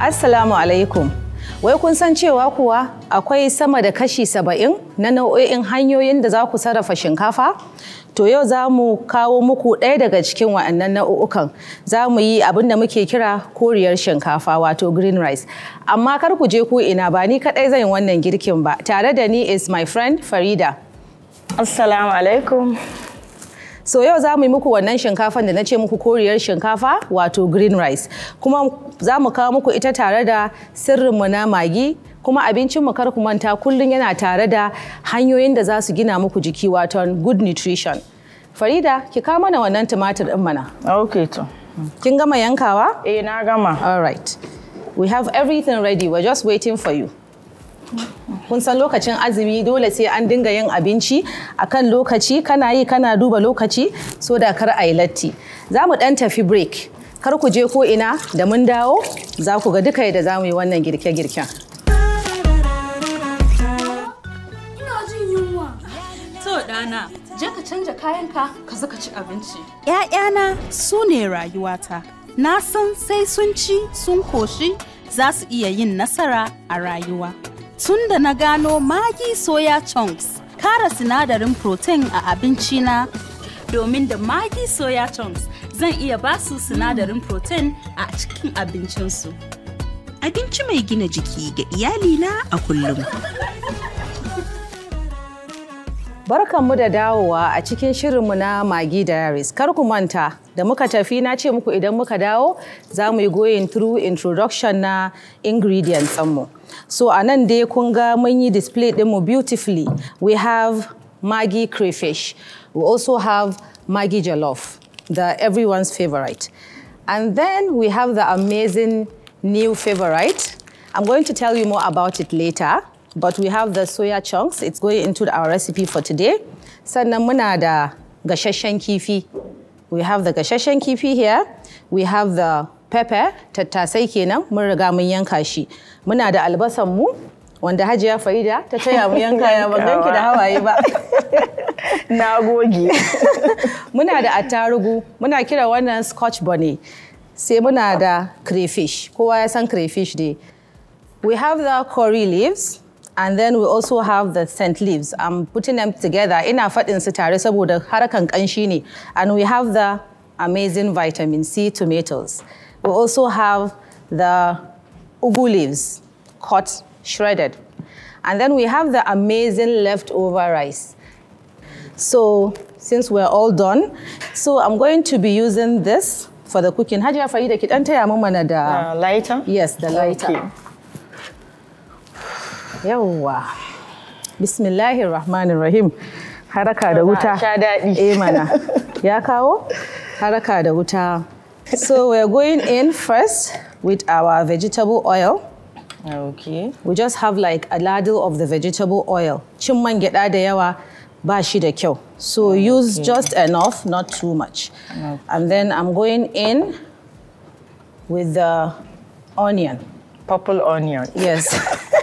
Assalamu alaikum. Wai kun san cewa kuwa akwai sama da kashi saba'in na nau'o'in hanyoyin da za ku sarrafa shinkafa? To yau za mu kawo muku ɗaya daga cikin wa'annan nau'ukan. Za mu yi abin da muke kira koriyar shinkafa wato green rice. Amma kar ku je ku ina ba ni kaɗai zan wannan girkin ba. Tare da ni is my friend Farida. Assalamu alaikum. So yau za mu yi muku wannan shinkafan da na ce muku koriyar shinkafa wato green rice. Kuma za mu kawo muku ita tare da sirrinmu na magi kuma abincinmu kar ku manta kullum yana tare da hanyoyin da za su gina muku jiki wato good nutrition. Farida, ki kawo mana wannan tumatir ɗin mana. Okay to. Kin gama yankawa? Eh na gama. All right. We have everything ready. We're just waiting for you. kun san lokacin azumi dole sai an dinga yin abinci akan lokaci kana yi kana duba lokaci so da kar a yi latti za mu dan tafi break kar ku je ko ina da mun dawo za ku ga duka yadda za mu yi wannan girke-girken je ka canja kayanka ka zaka ci abinci. ‘Ya'yana su ne rayuwata, na san sai sun ci sun koshi za su iya yin nasara a rayuwa. tun da na gano magi soya chunks kara sinadarin protein a abinci na domin da magi soya chunks zan iya basu sinadarin protein a cikin abincinsu abinci mai gina jiki ga iyalina a kullum Baraka da dawowa a cikin shirinmu na Magi Diaries. Kar ku manta da muka tafi na ce muku idan muka dawo za mu yi going through introduction na ingredients mu. So anande kunga dai kun ga mun yi display ɗinmu beautifully. We have Maggie crayfish. We also have Maggie jollof, the everyone's favorite. And then we have the amazing new favorite. I'm going to tell you more about it later. but we have the soya chunks it's going into our recipe for today sannan muna da gashashen kifi we have the gashashen kifi here we have the pepper tattasai kenan mun riga mun yanka shi muna da albasan mu wanda hajiya farida ta taya mu yanka ya ban ganki da hawaye ba na goge muna da attarugu muna kira wannan scotch bonnet sai muna da crayfish kowa ya san crayfish dai we have the curry leaves And then we also have the scent leaves. I'm putting them together. our fat su tare saboda harkan ƙanshi ne. And we have the amazing vitamin C tomatoes. We also have the ugu leaves, cut, shredded. And then we have the amazing leftover rice. So since we're all done, so I'm going to be using this for the cooking. Hajiya Farida, ki dan taya mun mana da uh, lighter? Yes, the lighter. Okay. Yawa. bismillahir rahmanir rahim haraka da wuta sha daɗi eh mana ya kawo haraka da wuta so we're going in first with our vegetable oil okay we just have like a ladle of the vegetable oil cin man gyada da yawa ba shi da kyau so okay. use just enough not too much okay. and then i'm going in with the onion purple onion yes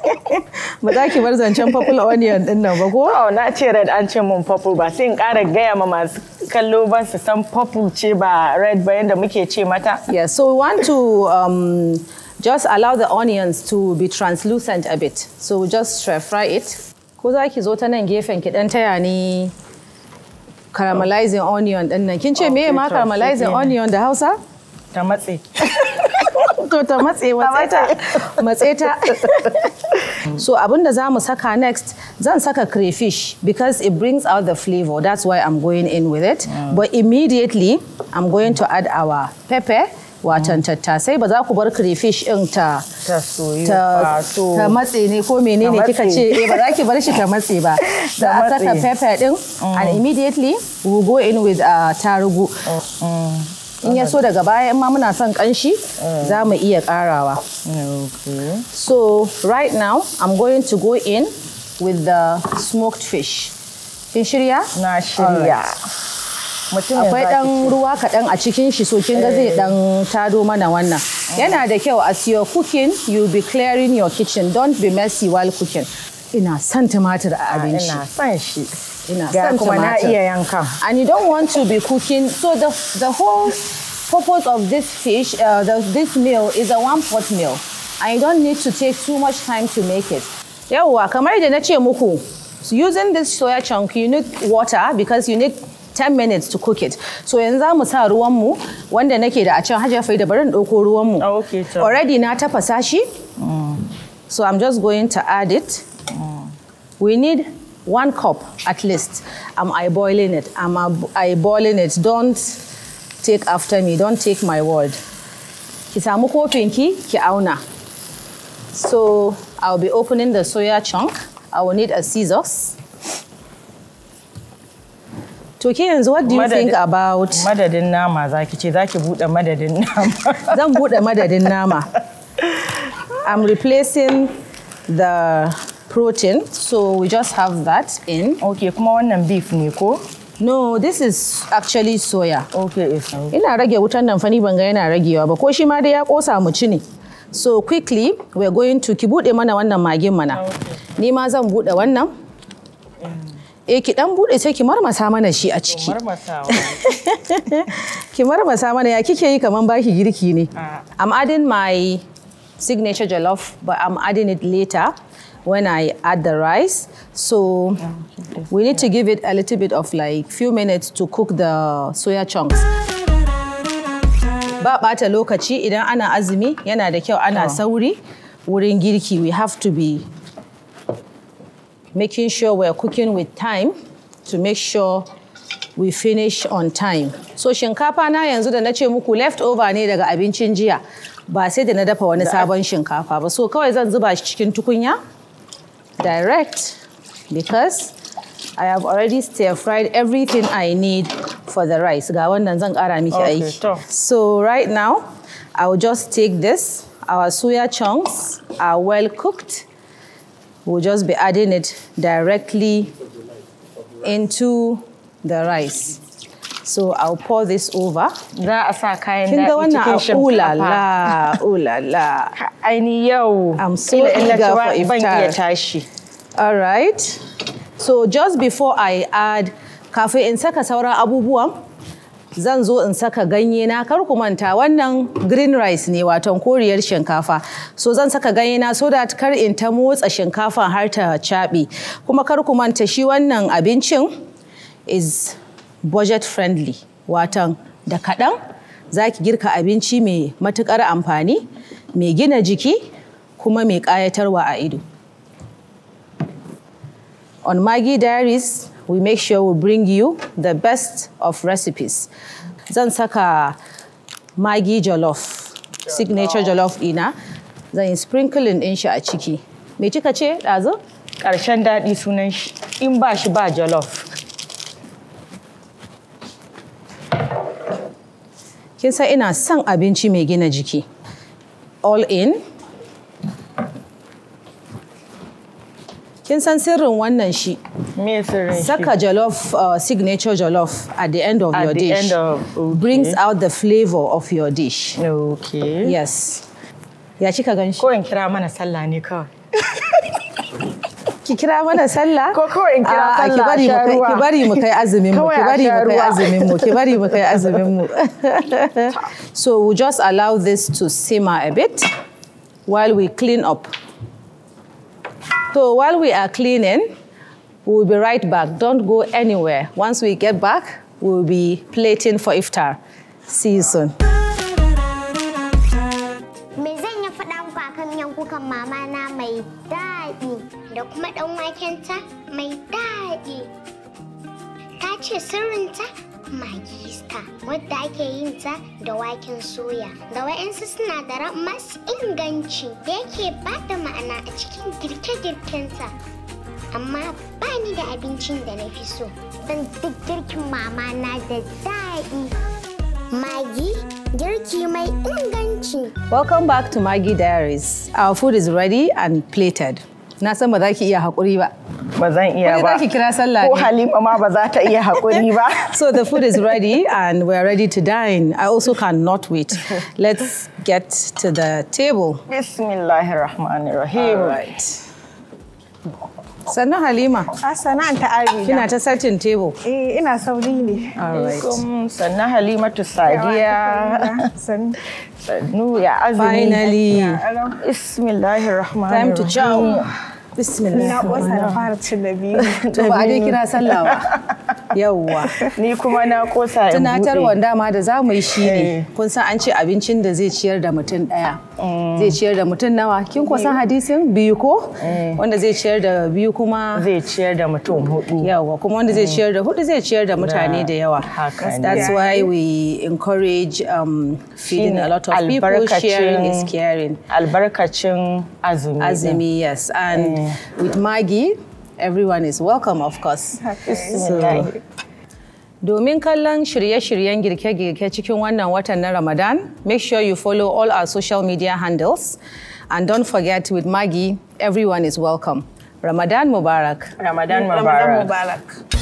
ba za ki bar zancen purple onion din nan ba ko? Oh, na ce red an ce mun purple ba sai in kara gaya ma masu kallo ban su san purple ce ba red ba yadda muke ce mata. Yes, so we want to um, just allow the onions to be translucent a bit. So just stir fry it. Ko za ki zo ta nan gefen ki dan taya ni caramelizing oh. onion din nan. Kin ce oh, me ma caramelizing onion da Hausa? Ta matse. To ta matse, matse ta. Matse ta. Mm. So abinda za mu saka next, zan saka crayfish because it brings out the flavor. That's why I'm going in with it. Mm. But immediately, I'm going to add our pepper. watan mm. tattasai ba za ku bar crayfish ɗin ta matse ne ko menene kika ce eh, ba za ki bar shi ta matse ba za a saka pepper ɗin and mm. immediately we go in with uh, tarugu oh, in ya so daga baya in ma muna son kanshi mm. za mu iya karawa so right now i'm going to go in with the smoked fish kin shirya na shirya akwai dan ruwa kaɗan a cikin shi so kin ga zai dan eh. tado mana wannan mm. yana da kyau as you're cooking you be clearing your kitchen don't be messy while cooking ina son tumatir a ah, abinci. Ina son shi. Ina son kuma na iya yankan. And you don't want to be cooking. So the, the whole purpose of this fish, uh, the, this meal is a one pot meal. And you don't need to take too much time to make it. Yawwa, kamar da na ce muku, using this soya chunk, you need water because you need 10 minutes to cook it. So yanzu za mu sa ruwanmu wanda nake da a can hajjafai da barin ɗauko ruwanmu. Ah, Already na tafasa shi. Mm. So I'm just going to add it. Mm. We need one cup at least. I'm eyeballing it. I'm eyeballing it. Don't take after me. Don't take my word. Ki samu ki auna. So I'll be opening the soya chunk. I will need a scissors. To ke yanzu what do you madadin, think about? Madadin nama zaki ce, zaki ki buɗe madadin nama. Zan buɗe madadin nama. I'm replacing the protein. So we just have that in. Okay, kuma wannan beef ne ko? No, this is actually soya. Okay, yes. Ina rage wutan nan fani ban ga yana ragewa ba ko shi ma dai ya kosa mu ci ne. So quickly we're going to ki bude mana wannan magin mana. Ni ma zan bude wannan. E ki dan bude sai ki marmasa mana shi a ciki. Ki marmasa mana ya kike yi kaman baki girki ne. Ah. I'm adding my signature jollof, but I'm adding it later when I add the rice. So yeah, we need to give it a little bit of like few minutes to cook the soya chunks. Ba ɓata lokaci idan ana azumi yana da kyau ana oh. sauri wurin girki. We have to be making sure we're cooking with time to make sure we finish on time. So shinkafa na yanzu da na ce muku leftover ne daga abincin jiya ba sai da na dafa wani sabon shinkafa ba. So kawai zan zuba shi cikin tukunya direct because I have already stir fried everything I need for the rice. Ga wannan zan kara miki aiki. So right now I will just take this. Our soya chunks are well cooked. We'll just be adding it directly into the rice so I'll pour this over. Za a sa kayan daɗi cikin shinkafa. Ula la, ula la. Aini yau. I'm so eager for iftar. Ban iya tashi. All right. So just before I add, kafin in saka sauran abubuwan, zan zo in saka ganye na kar ku manta wannan green rice ne watan koriyar shinkafa so zan saka ganye na so that kar in ta motsa shinkafa har ta caɓe kuma kar ku manta shi wannan abincin is budget friendly watan da kaɗan za ki girka abinci mai matuƙar amfani mai gina jiki kuma mai ƙayatarwa a ido on maggi diaries we make sure we bring you the best of recipes zan saka maggi jollof signature jollof ina zan yi sprinkling ɗin shi a ciki me kika ce ɗazu ƙarshen daɗi sunan shi in ba shi ba jollof kin san ina son abinci mai gina jiki all in kin san sirrin wannan shi me sirrin shi saka jollof uh, signature jollof at the end of at your the dish end of, okay. brings out the flavor of your dish okay yes ya ka gan shi ko in kira mana sallah ne kawai kira mana sallah ko kawai in kira ah, sallah ki bari mu kai azumin mu ki bari mu kai azumin mu ki bari mu kai azumin mu so we just allow this to simmer a bit while we clean up so while we are cleaning we'll be right back don't go anywhere once we get back we'll be plating for iftar see you soon me zan yi yankukan mama na mai daɗi da kuma ɗan wakenta mai daɗi. Ta ce sirrinta magi star wadda ake yin ta da waken soya da wa'yansu sinadaran masu inganci da yake ba da ma'ana a cikin girke-girkenta. Amma ba ni da abincin da na so, don duk girkin mama na da daɗi. Magi girki mai inganci. Welcome back to Maggie Diaries. Our food is ready and plated. na san ba za ki iya haƙuri ba ba zan iya ba. Ko kira sallah Ko Halima ma ba za ta iya hakuri ba. So the food is ready and we are ready to dine. I also cannot wait. Let's get to the table. Bismillahirrahmanirrahim. All right. Sannu Halima. Ah, Sana'anta Abida. Kina ta satin table. Eh ina sauri ne. All right. Sannu Halimatu Sadiya. Sannu ya azumi. Finally. Bismillahirrahmanirrahim. Time to chow. bismillah na kosa na fara cin da biyu to ba dai kira sallah yawwa ni kuma na kosa in tunatarwa dama da za mu yi shine eh. kun san an ce abincin da zai ciyar da mutum daya mm. zai ciyar da mutum nawa kin ko san hadisin biyu ko eh. wanda zai ciyar da biyu kuma zai ciyar da mutum hudu yawwa kuma wanda zai mm. ciyar da hudu zai ciyar da mutane da yawa that's why we encourage um, feeding a lot of people sharing is caring albarkacin azumi azumi yes and eh. with Maggie. Everyone is welcome, of course. Okay. So, Domin kallon shirye-shiryen girke-girke cikin wannan watan na Ramadan, make sure you follow all our social media handles. And don't forget, with Maggie, everyone is welcome. Ramadan Mubarak. Ramadan Mubarak. Ramadan Mubarak.